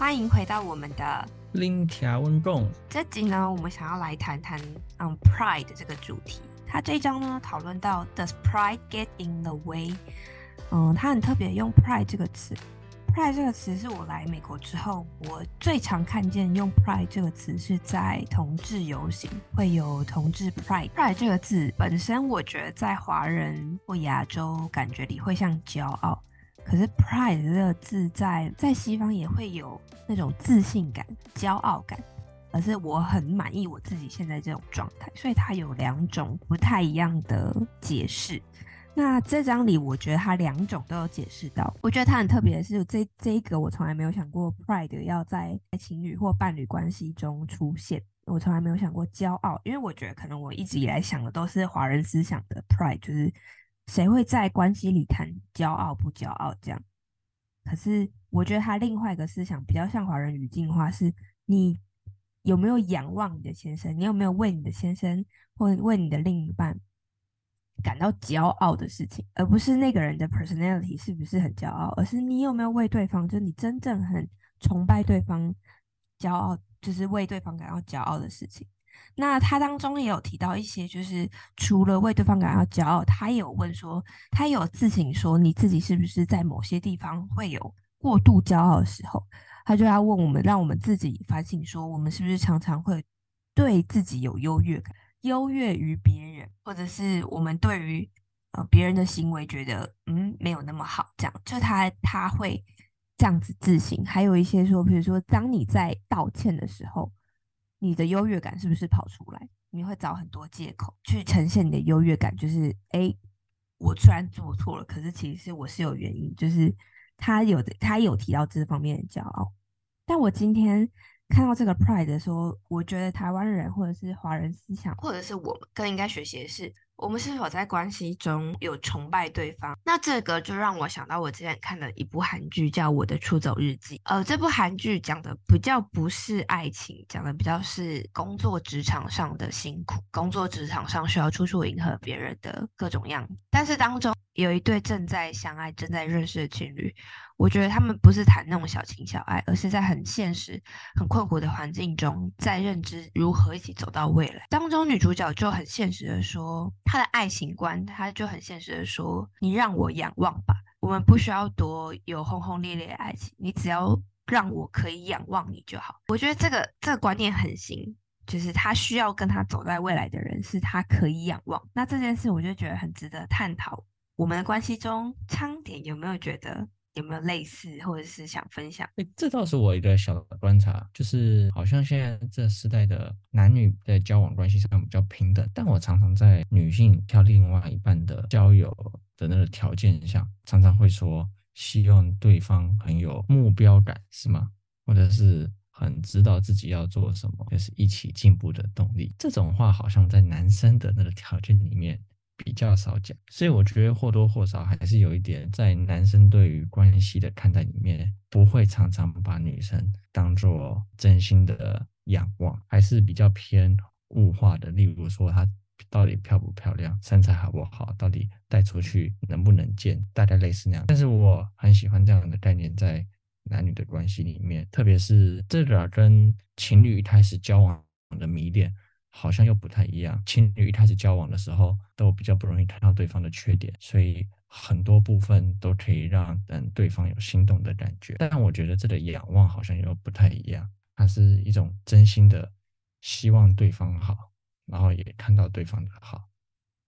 歡迎回到我們的林條文共，這集呢，我們想要來談談嗯、um,，Pride 這個主題。他這一章呢，討論到 Does Pride Get in the Way？嗯，他很特別用 Pride 這個詞。Pride 這個詞是我來美國之後，我最常看見用 Pride 這個詞是在同志遊行，會有同志 Pride。Pride 這個字本身，我覺得在華人或亞洲感覺裡會像驕傲。可是 pride 這個字在在西方也會有那種自信感、驕傲感，而是我很滿意我自己現在這種狀態，所以它有兩種不太一樣的解釋。那這章裡，我覺得它兩種都有解釋到。我覺得它很特別的是，這這一個我從來沒有想過 pride 要在在情侶或伴侶關係中出現，我從來沒有想過驕傲，因為我覺得可能我一直以來想的都是華人思想的 pride，就是。誰會在關係裡談驕傲不驕傲這樣？可是我覺得他另外一個思想比較像華人語境化，是你有沒有仰望你的先生，你有沒有為你的先生或為你的另一半感到驕傲的事情，而不是那個人的 personality 是不是很驕傲，而是你有沒有為對方，就是你真正很崇拜對方，驕傲，就是為對方感到驕傲的事情。那他當中也有提到一些，就是除了為對方感到驕傲，他也有問說，他也有自省說，你自己是不是在某些地方會有過度驕傲的時候？他就要問我們，讓我們自己反省說，我們是不是常常會對自己有優越感，優越於別人，或者是我們對於呃別人的行為覺得嗯沒有那麼好，這樣就他他會這樣子自省。還有一些說，比如說當你在道歉的時候。你的優越感是不是跑出來？你會找很多借口去呈現你的優越感，就是哎、欸，我雖然做錯了，可是其實我是有原因。就是他有的他有提到這方面的驕傲，但我今天看到這個 pride 的時候，我覺得台灣人或者是華人思想，或者是我更應該學習的是。我們是否在關係中有崇拜對方？那這個就讓我想到我之前看的一部韓劇，叫《我的出走日記》。呃，這部韓劇講的比較不是愛情，講的比較是工作職場上的辛苦，工作職場上需要處處迎合別人的各種樣，但是當中。有一對正在相愛、正在認識的情侶，我覺得他們不是談那種小情小愛，而是在很現實、很困惑的環境中，在認知如何一起走到未來。當中女主角就很現實的說，她的愛情觀，她就很現實的說：“你讓我仰望吧，我們不需要多有轟轟烈烈的愛情，你只要讓我可以仰望你就好。”我覺得這個這個觀念很行，就是他需要跟他走在未來的人，是他可以仰望。那這件事，我就覺得很值得探討。我們的關係中，倉點有沒有覺得有沒有類似，或者是想分享？哎，這倒是我一個小的觀察，就是好像現在這時代的男女在交往關係上比較平等，但我常常在女性挑另外一半的交友的那個條件下，常常會說希望對方很有目標感，是嗎？或者是很知道自己要做什麼，也、就是一起進步的動力。這種話好像在男生的那個條件裡面，比較少講，所以我覺得或多或少還是有一點在男生對於關係的看待裡面，不會常常把女生當作真心的仰望，還是比較偏物化的。例如說她到底漂不漂亮，身材好不好，到底帶出去能不能見，大概類似那樣。但是我很喜歡這樣的概念在男女的關係裡面，特別是這個跟情侶開始交往的迷戀。好像又不太一樣。情侶一開始交往的時候，都比較不容易看到對方的缺點，所以很多部分都可以讓人對方有心動的感覺。但我覺得這個仰望好像又不太一樣，它是一種真心的希望對方好，然後也看到對方的好，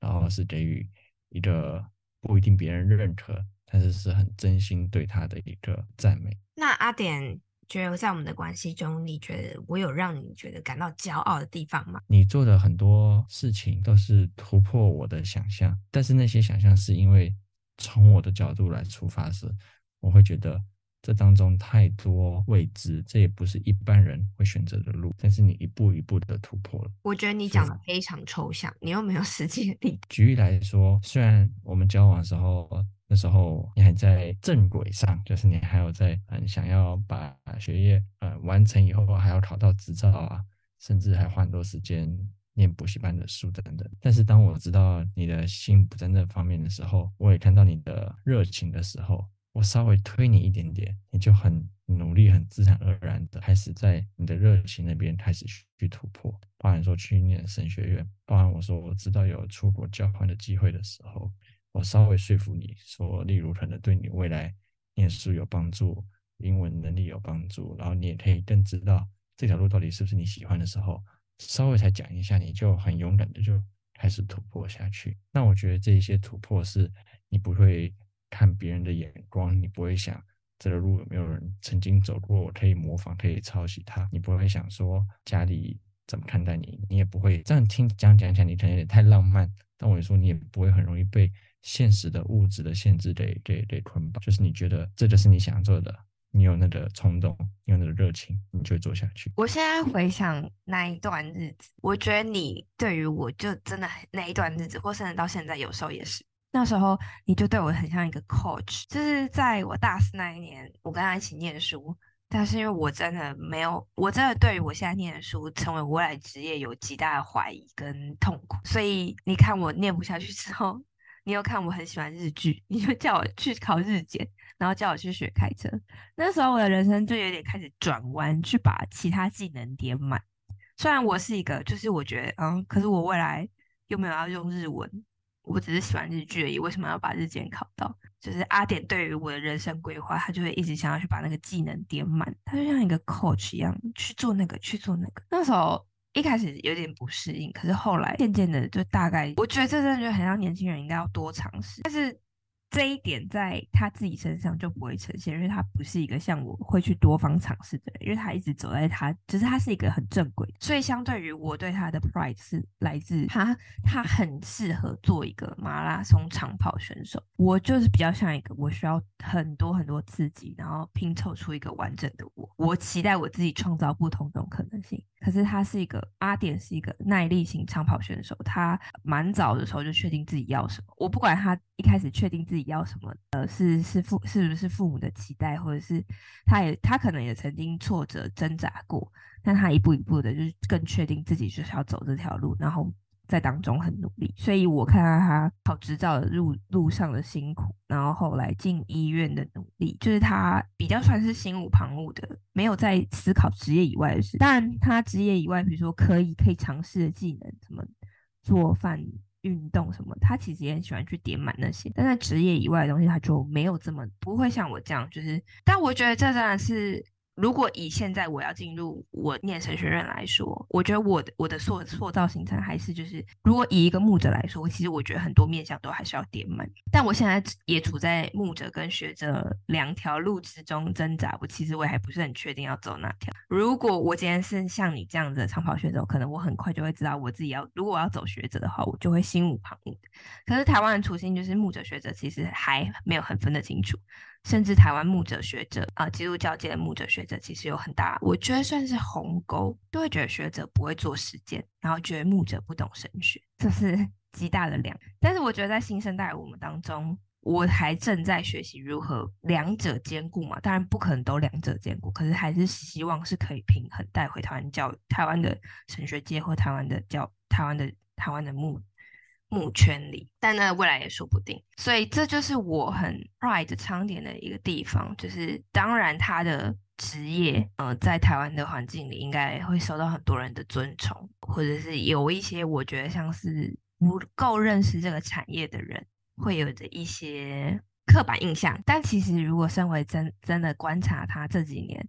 然後是給予一個不一定別人認可，但是是很真心對他的一個讚美。那阿典？覺得在我們的關係中，你覺得我有讓你覺得感到驕傲的地方嗎？你做的很多事情都是突破我的想象，但是那些想象是因為從我的角度來出發時，我會覺得這當中太多未知，這也不是一般人會選擇的路。但是你一步一步的突破了，我覺得你講的非常抽象，以你又沒有實際的例。舉例來說，雖然我們交往的時候。的時候，你還在正軌上，就是你還要在嗯想要把學業呃完成以後，還要考到執照啊，甚至還花很多時間念補習班的書等等。但是當我知道你的心不在那方面的時候，我也看到你的熱情的時候，我稍微推你一點點，你就很努力、很自然而然的開始在你的熱情那邊開始去突破。包含說去念神學院，包含我說我知道有出國交換的機會的時候。我稍微說服你說，例如可能對你未來念書有幫助，英文能力有幫助，然後你也可以更知道這條路到底是不是你喜歡的時候，稍微才講一下，你就很勇敢的就開始突破下去。那我覺得這些突破是，你不會看別人的眼光，你不會想這個路有沒有人曾經走過，我可以模仿，可以抄襲他，你不會想說家裡。怎麼看待你，你也不會這樣聽講講講，你可能也太浪漫。但我也說你也不會很容易被現實的物質的限制，給給給捆綁。就是你覺得這就是你想要做的，你有那個衝動，你有那個熱情，你就會做下去。我現在回想那一段日子，我覺得你對於我就真的那一段日子，或甚至到現在，有時候也是。那時候，你就對我很像一個 coach。就是在我大四那一年，我跟他一起念書。但是因為我真的沒有，我真的對於我現在念的書成為我未來職業有極大的懷疑跟痛苦，所以你看我念不下去之後，你又看我很喜歡日劇，你就叫我去考日檢，然後叫我去學開車。那時候我的人生就有點開始轉彎，去把其他技能點滿。雖然我是一個，就是我覺得，嗯，可是我未來又沒有要用日文，我只是喜歡日劇而已，為什麼要把日檢考到？就是阿典對於我的人生規劃，他就會一直想要去把那個技能點滿，他就像一個 coach 一樣去做那個去做那個。那時候一開始有點不適應，可是後來漸漸的就大概，我覺得這真的覺得很像年輕人應該要多嘗試。但是。這一點在他自己身上就不會呈現，因為他不是一個像我會去多方嘗試的人，因為他一直走在他，只、就是他是一個很正規的，所以相對於我對他的 pride 是來自他，他很適合做一個馬拉松長跑選手。我就是比較像一個，我需要很多很多刺激，然後拼湊出一個完整的我。我期待我自己創造不同種可能性。可是他是一個阿典，是一個耐力型長跑選手。他蠻早的時候就確定自己要什麼。我不管他一開始確定自己要什麼，呃，是是父是不是父母的期待，或者是他也他可能也曾經挫折掙扎過，但他一步一步的就更確定自己就是要走這條路，然後。在當中很努力，所以我看到他考執照的路路上的辛苦，然後後來進醫院的努力，就是他比較算是心無旁騖的，沒有在思考職業以外的事。但他職業以外，比如說可以可以嘗試的技能，什麼做飯、運動什麼，他其實也很喜歡去點滿那些。但在職業以外的東西，他就沒有這麼不會像我這樣，就是，但我覺得這真的是。如果以現在我要進入我念神學院來說，我覺得我的我的塑塑造形成還是就是，如果以一個牧者來說，其實我覺得很多面向都還是要點滿。但我現在也處在牧者跟學者兩條路之中掙扎，我其實我也還不是很確定要走哪條。如果我今天是像你這樣子的長跑學者，可能我很快就會知道我自己要。如果我要走學者的話，我就會心無旁騖。可是台灣的初心就是牧者學者，其實還沒有很分得清楚。甚至台灣牧者學者啊、呃，基督教界的牧者學者其實有很大，我覺得算是鴻溝，都會覺得學者不會做實踐，然後覺得牧者不懂神學，這、就是極大的量，但是我覺得在新生代我們當中，我還正在學習如何兩者兼顧嘛，當然不可能都兩者兼顧，可是還是希望是可以平衡帶回台灣教，台灣的神學界或台灣的教，台灣的台灣的牧。募圈裡，但那未來也說不定，所以這就是我很 pride、right、張典的一個地方，就是當然他的職業，嗯、呃，在台灣的環境裡，應該會受到很多人的尊崇，或者是有一些我覺得像是不夠認識這個產業的人，會有的一些刻板印象，但其實如果身為真真的觀察他這幾年。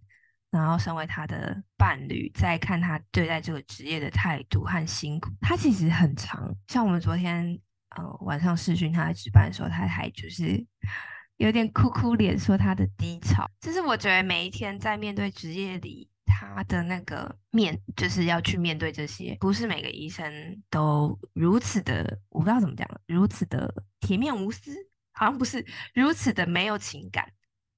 然後，身為他的伴侶，再看他對待這個職業的態度和辛苦，他其實很長。像我們昨天呃晚上視訊他值班的時候，他還就是有點哭哭臉，說他的低潮。就是我覺得每一天在面對職業裡他的那個面，就是要去面對這些，不是每個醫生都如此的，我不知道怎麼講，如此的鐵面無私，好像不是如此的沒有情感。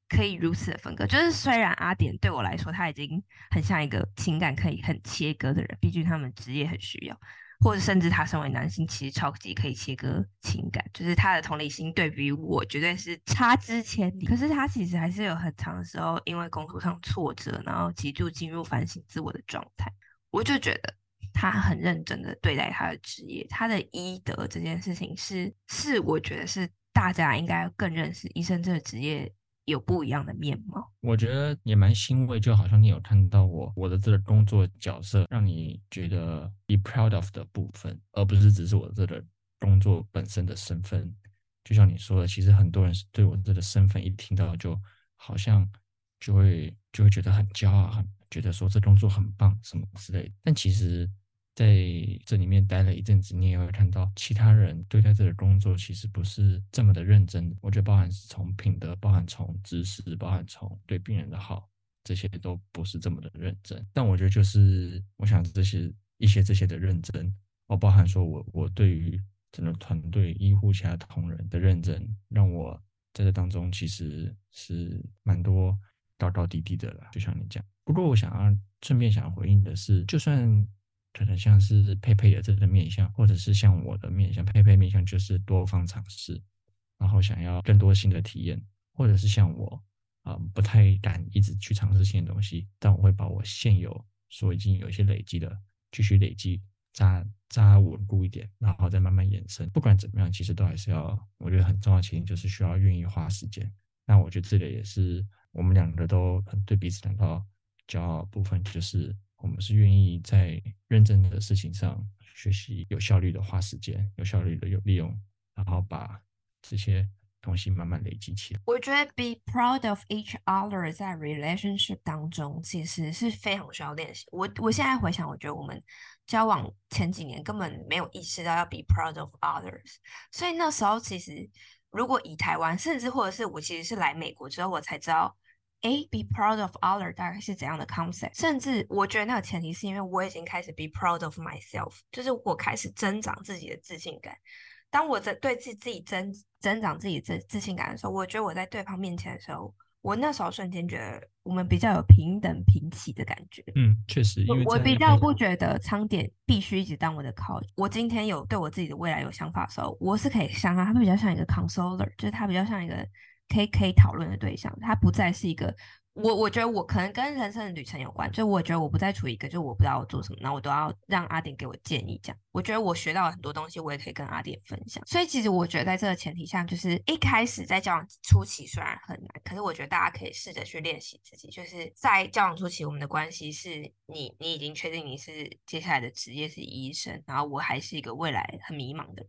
可以如此的分割，就是雖然阿典對我來說他已經很像一個情感可以很切割的人，畢竟他們職業很需要，或者甚至他身為男性其實超級可以切割情感，就是他的同理心對比我絕對是差之千里。可是他其實還是有很長的時候，因為工作上挫折，然後極度進入反省自我的狀態。我就覺得他很認真的對待他的職業，他的醫德這件事情是是我覺得是大家應該更認識醫生這個職業。有不一樣的面貌，我覺得也蠻欣慰，就好像你有看到我，我的這個工作角色，讓你覺得 be proud of 的部分，而不是只是我這個工作本身的身份。就像你說的，其實很多人對我這個身份一聽到就，就好像就會就會覺得很驕傲，很覺得說這工作很棒什麼之類的。但其實。在這裡面待了一陣子，你也會看到其他人對待這個工作其實不是這麼的認真。我覺得包含是從品德，包含從知識，包含從對病人的好，這些都不是這麼的認真。但我覺得就是我想這些一些這些的認真，我包含說我我對於整個團隊醫護其他同仁的認真，讓我在這當中其實是蠻多高高低低的啦。就像你講，不過我想要順便想回應的是，就算。可能像是佩佩的這個面向，或者是像我的面向，佩佩面向就是多方嘗試，然後想要更多新的體驗，或者是像我，啊、嗯，不太敢一直去嘗試新的東西，但我會把我現有所已經有一些累積的繼續累積，扎扎穩固一點，然後再慢慢延伸。不管怎麼樣，其實都還是要，我覺得很重要，其實就是需要願意花時間。那我覺得這個也是我們兩個都很對彼此感到驕傲部分，就是。我們是願意在認真的事情上學習，有效率的花時間，有效率的有利用，然後把這些東西慢慢累積起來。我覺得 be proud of each other 在 relationship 當中，其實是非常需要練習。我我現在回想，我覺得我們交往前幾年根本沒有意識到要 be proud of others，所以那時候其實如果以台灣，甚至或者是我其實是來美國之後，我才知道。哎，be proud of other 大概是怎樣的 concept？甚至我覺得那個前提是因為我已經開始 be proud of myself，就是我開始增長自己的自信感。當我在對自己自己增增長自己自自信感的時候，我覺得我在對方面前的時候，我那時候瞬間覺得我們比較有平等平起的感覺。嗯，確實，我比較不覺得倉點必須一直當我的靠。嗯、我今天有對我自己的未來有想法的時候，我是可以想啊，它比較像一個 consoler，就是它比較像一個。KK 討論的對象，他不再是一個我。我覺得我可能跟人生的旅程有關，就我覺得我不再處於一個，就我不知道我做什麼，那我都要讓阿典給我建議。這樣，我覺得我學到了很多東西，我也可以跟阿典分享。所以，其實我覺得在這個前提下，就是一開始在交往初期雖然很難，可是我覺得大家可以試着去練習自己。就是在交往初期，我們的關係是你你已經確定你是接下來的職業是醫生，然後我還是一個未來很迷茫的，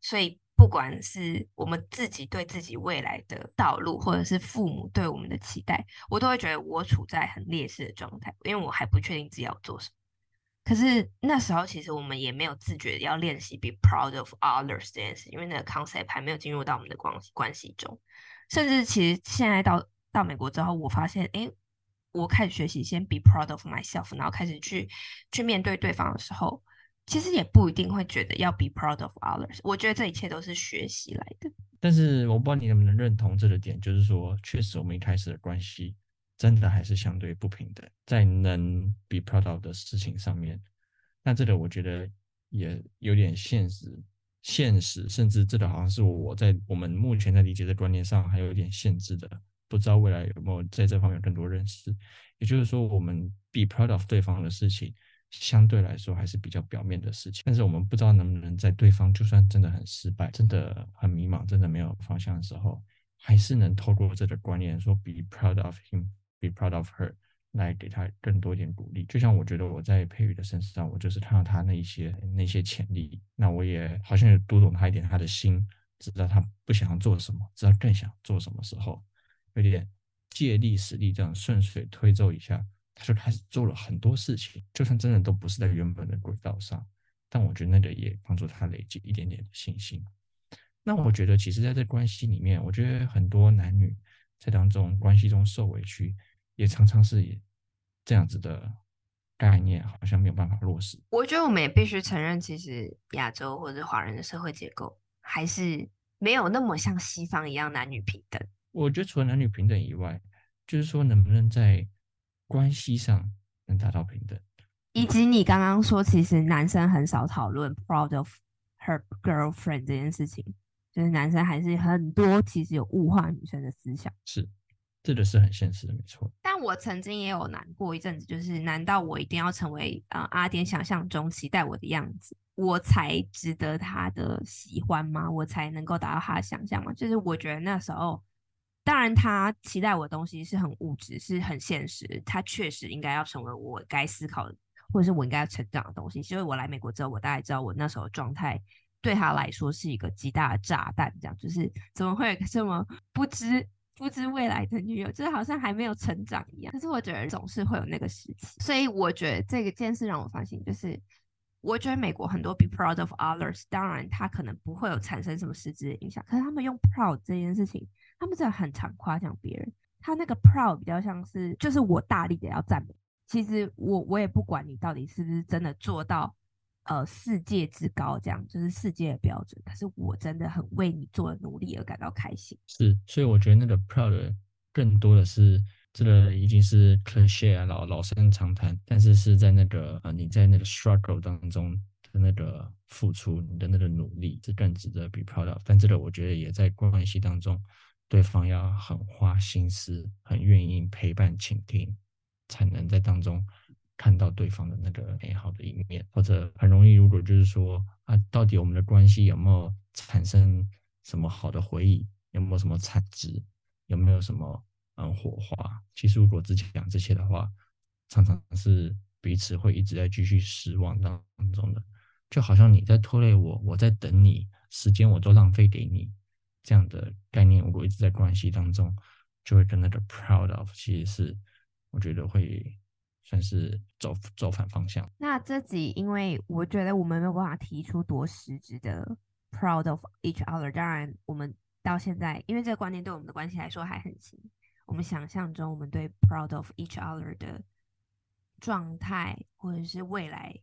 所以。不管是我們自己對自己未來的道路，或者是父母對我們的期待，我都會覺得我處在很劣勢的狀態，因為我還不確定自己要做什麼。可是那時候，其實我們也沒有自覺要練習 be proud of others 這件事，因為那個 concept 還沒有進入到我們的關關係中。甚至其實現在到到美國之後，我發現，哎，我開始學習先 be proud of myself，然後開始去去面對對方的時候。其實也不一定會覺得要 be proud of others。我覺得這一切都是學習來的。但是我不知道你能不能認同這個點，就是說，確實我們一開始的關係真的還是相對不平等，在能 be proud of 的事情上面，那這個我覺得也有點現實。現實甚至這個好像是我在我們目前在理解的觀念上還有一點限制的，不知道未來有沒有在這方面有更多認識。也就是說，我們 be proud of 對方的事情。相對來說還是比較表面的事情，但是我們不知道能不能在對方就算真的很失敗、真的很迷茫、真的沒有方向的時候，還是能透過這個觀念說 “be proud of him, be proud of her” 來給他更多一點鼓勵。就像我覺得我在佩宇的身上，我就是看到他那一些那些潛力，那我也好像也讀懂他一點他的心，知道他不想要做什麼，知道更想做什麼時候，有點借力使力這樣順水推舟一下。他就開始做了很多事情，就算真的都不是在原本的軌道上，但我覺得那個也幫助他累積一點點的信心。那我覺得，其實在這關係裡面，我覺得很多男女在當中關係中受委屈，也常常是這樣子的概念，好像沒有辦法落實。我覺得我們也必須承認，其實亞洲或者華人的社會結構還是沒有那麼像西方一樣男女平等。我覺得除了男女平等以外，就是說能不能在關係上能達到平等，以及你剛剛說，其實男生很少討論 proud of her girlfriend 這件事情，就是男生還是很多其實有物化女生的思想。是，這個是很現實的，沒錯。但我曾經也有難過一陣子，就是難道我一定要成為啊、呃、阿典想象中期待我的樣子，我才值得他的喜歡嗎？我才能夠達到他的想象嗎？就是我覺得那時候。當然，他期待我的東西是很物質，是很現實。他確實應該要成為我該思考的，或者是我應該要成長的東西。所以我來美國之後，我大概知道我那時候的狀態對他來說是一個極大的炸彈。這樣就是，怎麼會有這麼不知不知未來的女友，就是好像還沒有成長一樣。可是我覺得總是會有那個時期，所以我覺得這個件事讓我發現。就是我覺得美國很多 be proud of others，當然他可能不會有產生什麼實質的影響，可是他們用 proud 這件事情。他們是很常誇獎別人，他那個 proud 比較像是就是我大力的要讚美。其實我我也不管你到底是不是真的做到呃世界之高這樣，就是世界的標準。可是我真的很為你做的努力而感到開心。是，所以我覺得那個 proud 更多的是這個已經是 cliché、啊、老老生常談，但是是在那個呃你在那個 struggle 當中的那個付出，你的那個努力是更值得 be proud of。但這個我覺得也在關係當中。對方要很花心思，很願意陪伴、傾聽，才能在當中看到對方的那個美好的一面。或者很容易，如果就是說啊，到底我們的關係有沒有產生什麼好的回憶，有沒有什麼產值，有沒有什麼嗯火花？其實如果自己講這些的話，常常是彼此會一直在繼續失望當中的，就好像你在拖累我，我在等你，時間我都浪費給你。這樣的概念，如果一直在關係當中，就會跟那個 proud of，其實是我覺得會算是走走反方向。那這集因為我覺得我們沒有辦法提出多實質的 proud of each other。當然，我們到現在，因為這個觀念對我們的關係來說還很新。我們想象中，我們對 proud of each other 的狀態或者是未來。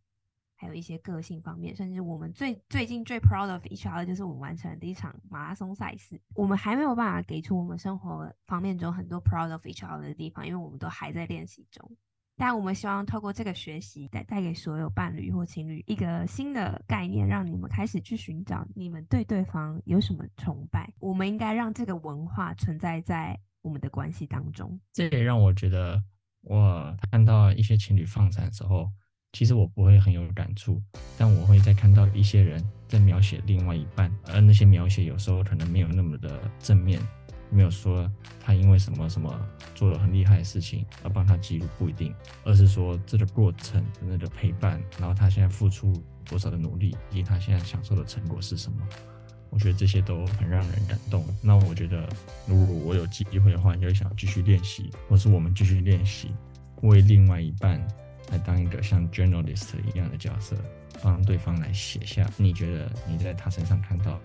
還有一些個性方面，甚至我們最最近最 proud of each other 就是我們完成第一場馬拉松賽事。我們還沒有辦法給出我們生活方面中很多 proud of each other 的地方，因為我們都還在練習中。但我們希望透過這個學習帶，帶帶給所有伴侶或情侶一個新的概念，讓你們開始去尋找你們對對方有什麼崇拜。我們應該讓這個文化存在在我們的關係當中。這也讓我覺得，我看到一些情侶放閃的時候。其實我不會很有感觸，但我會在看到一些人在描寫另外一半，而那些描寫有時候可能沒有那麼的正面，沒有說他因為什麼什麼做了很厲害的事情而幫他記錄，不一定，而是說這個過程的那個陪伴，然後他現在付出多少的努力，以及他現在享受的成果是什麼，我覺得這些都很讓人感動。那我覺得，如果我有機會的話，就想繼續練習，或是我們繼續練習，為另外一半，來當一個像 journalist 一樣的角色，幫對方來寫下你覺得你在他身上看到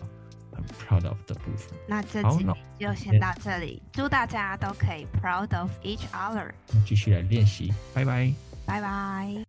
很 proud of 的部分。那這集就先到這裡，祝大家都可以 proud of each other。繼續來練習，拜拜，拜拜。